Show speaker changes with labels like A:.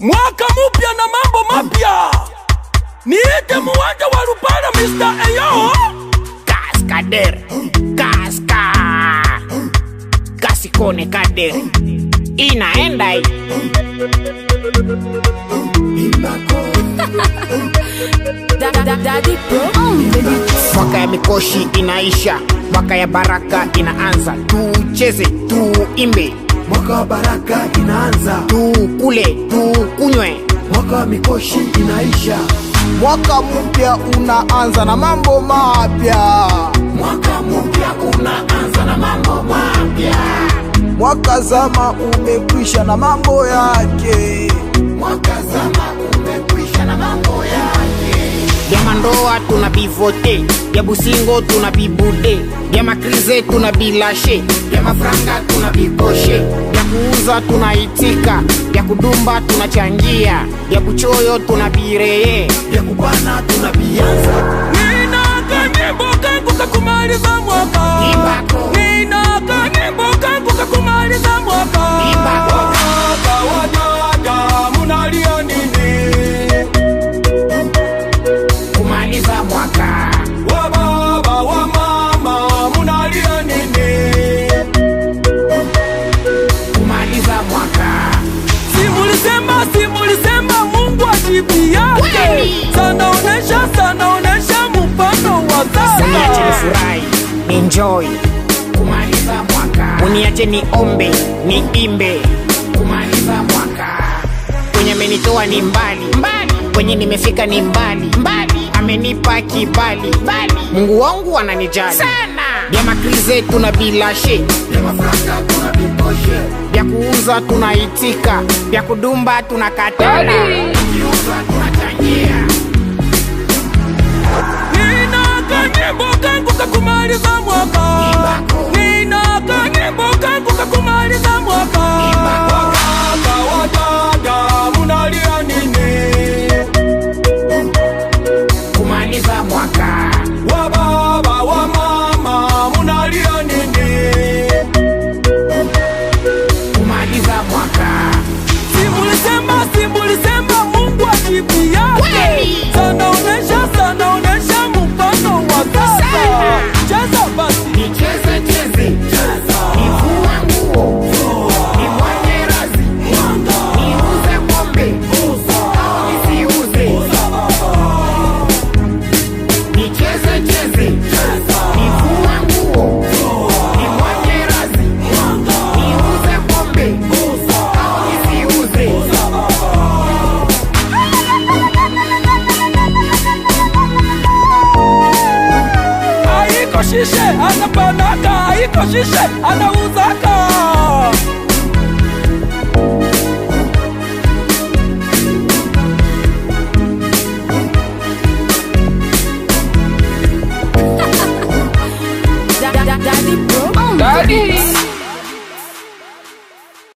A: Mwaka mupya na mambo mapya, niite muwanja wa Lupara Mr. Ayo
B: Kaskader Kaska Kasikone Kader inaenda Mwaka ya mikoshi inaisha, mwaka ya baraka inaanza. Tucheze, tuimbe,
C: mwaka wa baraka inaanza.
B: Tukule, tu
C: kwamba mikoshi inaisha.
A: Mwaka mpya unaanza na mambo mapya.
C: Mwaka mpya unaanza na mambo mapya.
A: Mwaka zama umekwisha na mambo yake.
C: Mwaka zama umekwisha na mambo yake
B: vya mandoa tuna bivote vya busingo tuna bibude vya makrize tuna bilashe vya mafranga tuna bikoshe vya kuuza tunaitika vya kudumba tunachangia vya kuchoyo tuna bireye vya kubana tuna bianza
A: Sanaonesha, sanaonesha mfano wa sasa.
B: Sasa nifurahi, enjoy kumaliza mwaka, uniache niombe, niimbe kumaliza mwaka. Kwenye amenitoa ni mbali mbali, kwenye nimefika ni mbali mbali, amenipa kibali mbali, Mungu wangu ananijali sana tuna bilashe, vya kuuza tunaitika, vya kudumba tuna vya
A: Konaka iko shishe anauzaka Daddy.